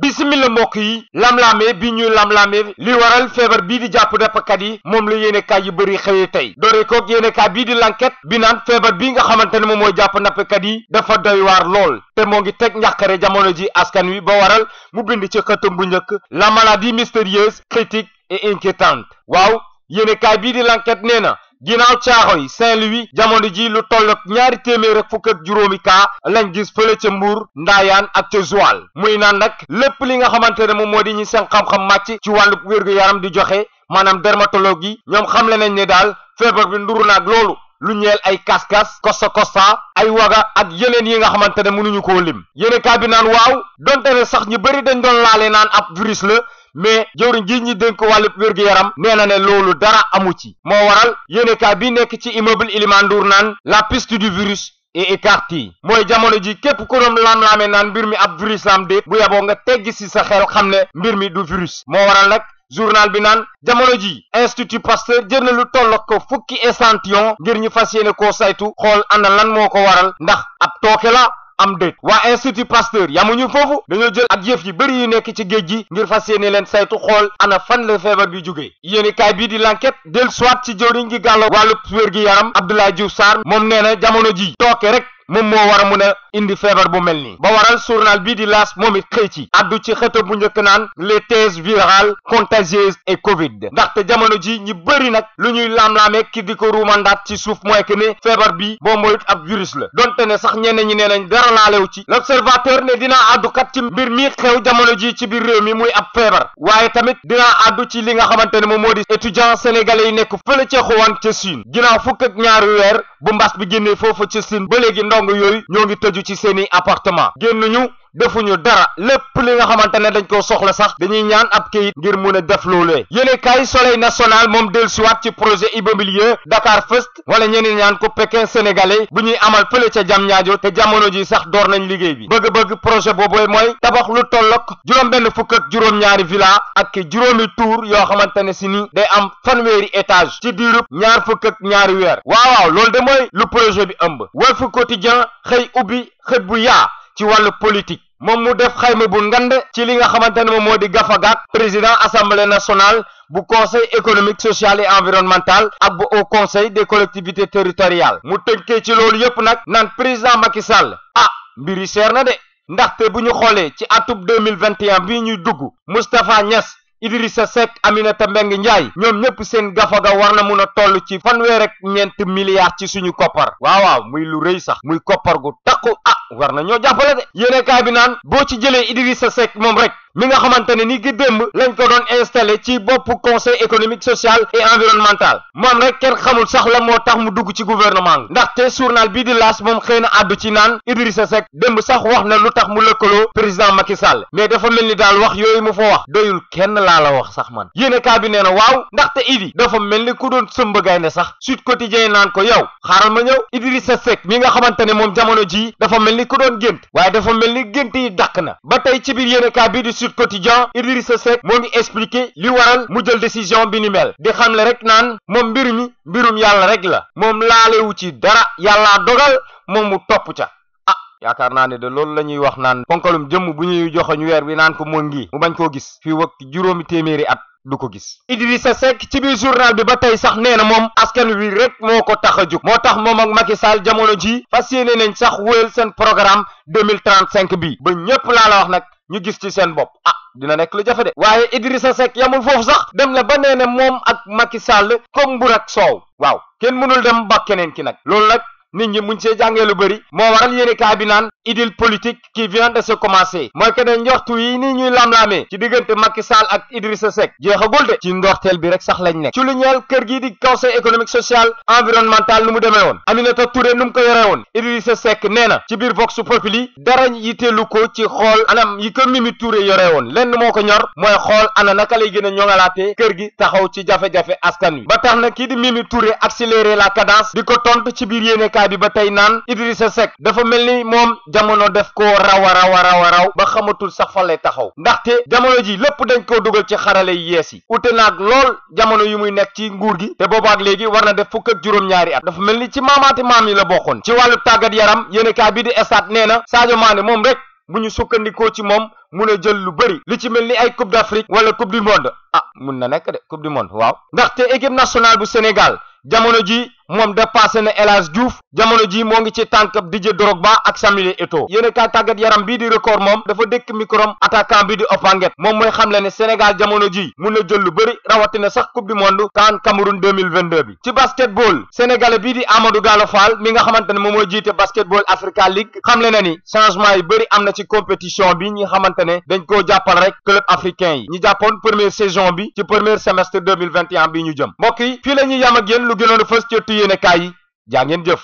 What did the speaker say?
bisimila mbokk yi lamlaame bi ñuy lamlaame li waral feebar bii di jàpp nappkat yi moom la yéenekaay yu bëri xëyee tey doore koog yéenekaay bii di l'enquête bi naan feebar bii nga xamante ne moom mooy jàpp nappkat yi dafa doy waar lool te moo ngi teg njàqare jamono ji askan wi ba waral mu bind ci xëtam bu njëkk la maladie mystérieuse critique et inquiétante waaw yéenekaay bii di l'enquête nee na ginnaaw caaxo yi Saint-Louis jamono ji lu toll ak ñaari téeméer ak fukk juróomi kaa lañ gis fële ca Mbuur Ndaayaan ak ca Joal muy naan nag lépp li nga xamante ne moom moo di ñi seen xam màcc ci wàllu wér-gu-yaram di joxe maanaam dermatologue yi ñoom xamle nañ ne daal feebar bi nduru naag loolu lu ñeel ay kas-kas kosta kosta ay waga ak yeneen yi nga xamante ne mënuñu koo lim yéene kaa bi naan waaw donte ne sax ñu bëri dañ doon laale naan ab virus la mais jëwriñ ji ñi dénk yaram na ne dara amu ci mo waral ka bi immeuble la piste du virus et écartée. moy jamono ji képp ko doon lam lamé nan mbir mi ab virus laam dé bu yabo nga sa xel du virus Mo waral journal bi jamono ji institut pasteur jël na lu ko fukki échantillon ngir ñu waral ndax am déet waa institut pasteur yamuñu foofu dañoo jël ak yëf yi bëri yu nekk ci géej gi ngir fas yéene leen saytu xool ana fan la feebar bi jógee yéeni bi di l'enquête del soit ci jëwriñ gi gàllo wàllu wér gi yaram Abdoulaye Diouf saar moom nee na jamono ji tooke rek moom moo war a mun indi feebar bu mel nii ba waral journal bii di laas moom it xëy ci addu ci xëta bu njëkk naan les thèses virales contagieuses et covid ndaxte jamono ji ñi bëri nag lu ñuy laam-laamee ki di ko ruumandaat ci suuf mooy que ne feebar bi boo moyut ab virus la donte ne sax ñenn ñi nee nañ dara laalew ci l'observateur ne dina àddukat ci mbir mi xew jamono ji ci biir réew mi muy ab feebar waaye tamit dina àddu ci li nga xamante ne moom moo di étudiant sénégalais yi nekk fële ca xuwaan ca Chine ginnaaw fukk ak ñaari weer bi génnee foofu ca Chine ba léegi ndong yooyu ñoo ngi tëju ci seeni appartement génn ñu defuñu dara lepp li nga xamantene dañ ko soxla sax dañuy ñaan ab kayit ngir mun def loolee yéene kay soleil national moom dellusiwaat ci projet immobilier Dakar First wala ñeneen ñaan ko Pékin sénégalais buñuy ñuy amal fële ca Diamniadio té jamono ji sax door nañ liggéey bi bëgg-bëgg projet boobu moy tabax lu tollok juroom benn fukk ak juroom ñaari villa ak juróomi tour yo xamantene ne ni day am fanweeri étage ci diru ñaar fukk ak ñaari wër waaw waaw loolu de mooy lu projet bi ëmb Walf Quotidien xey ubi xet bu yaa ci walu politique mom mu def xayma bu ngande ci li nga xamantene mom modi gafaga président assemblée nationale bu conseil économique social et environnemental ak au conseil des collectivités territoriales mu teñké ci loolu yépp nak naan président Macky Sall ah mbiri serna na de ndaxte buñu xolé ci atub 2021 bi ñuy dugg Moustapha Niass Idrissa Seck Aminata Mbengue Ndiaye ñoom ñëpp seen gafaga war na mun a toll ci fanweer ak ñeent milliards ci suñu koppar waaw waaw muy lu rëy sax muy koppar gu takku ah war na ñoo jàppale de yéenekaay bi naan boo ci jëlee Idrissa Seck moom rek mi nga xamantene ni ki lañ ko doon installé ci bopp conseil économique social et environnemental moom rek kenn xamul sax la moo tax mu dugg ci gouvernement ndaxte journal bii di laas moom xëy na àddu ci naan Idrissa Seck démb sax wax na lu tax mu lëkkaloo président Macky Sall mais dafa mel ni daal wax yooyu mu fa wax doyul kenn laa la wax sax man yéenekaay bi nee na waaw ndaxte Idi dafa mel ni ku doon sëmb ne sax Sud Quotidien naan ko yow xaaral ma ñëw Idrissa Seck mi nga xamantene ne moom jamono ji dafa mel ni ku doon gént waaye dafa mel ni yi dàq na ba tey ci biir bi di Sud Quotidien Idrissa Seck moo ngi expliqué li waral mu jël décision bi ni mel di xamle rek nan mom mbir rek la ci dara yalla dogal mom mu ca ah yaakaar ne de lolou lañuy wax nan ponkalum jëm bu ñuy joxoñ weer wi ko mu bañ ko gis fi juromi at du ko gis Idrissa Seck ci journal bi ba sax néna na askan wi rek moko taxaju motax mom ak Macky Sall jamono ji sax programme 2035 bi ba ñepp la wax ñu gis ci seen bopp ah dina nekk lu jafe de waaye Idrissa Seck yamul foofu sax dem na ba nee ne moom ak Macky Sall comme mbur ak soow waaw kenn mënul dem ba keneen ki nag loolu nag nit ñi muñ see jàngee lu bëri moo waral yéene kaa bi naan idil politique qui vient de se commencer mooy que ne njoxtu yi ni ñuy lamlaamee ci diggante Macky Sall ak Idrissa Seck jeexagul de ci ndorteel bi rek sax lañ nekk ci lu ñeel kër gii di conseil économique social environnemental nu mu demee woon Aminata Touré nu mu ko yoree woon Idrissa Seck nee na ci biir Vox Populi dara yitteelu ko ci xool anam yi ko Mimi Touré yoree woon lenn moo ko ñor mooy xool ana naka lay gën a kër gi taxaw ci jafe-jafe askan wi ba tax na kii di Mimi Touré accélérer la cadence di tontu ci biir yéene yéenekaay bi ba tey naan Idrissa Seck dafa mel ni moom jamono def ko raw a raw a raw a raw ba xamatul sax fan taxaw ndaxte jamono ji lépp dañ koo dugal ci xarale yi yees yi ute naag lool jamono yu muy nekk ci nguur gi te boobaak léegi war na def fukk ak juróom-ñaari at dafa mel ni ci maamaati maam yi la bokkoon ci wàllu tàggat yaram yéenekaay bi di Stades nee na Sadio Mané moom rek mu ñu sukkandikoo ci moom mun a jël lu bëri lu ci mel ni ay coupe d'Afrique wala coupe du monde ah mun na nekk de coupe du monde moom dépassé na El Hadj Diouf jamono ji moo ngi ci tànk Didier Drogba ak Samuel Eto'o yéen kaay tàggat yaram bii di record moom dafa dëkk microm attaquant bi di Opanguet moom mooy xamle ne Sénégal jamono ji mun na jël lu bëri rawatina sax coupe du monde CAN Cameroun bi ci basketball sénégalais bii di Amadou Gallo mi nga xamante ne moom mooy jiite basketball Africa League xamle na ni changement yu bëri am na ci compétition bi ñi xamante dañ koo jàppal yi ñi jàppoon première saison bi ci premier semestre 2021 bi ñu jëm yéenekaay yi jaa ngeen jëf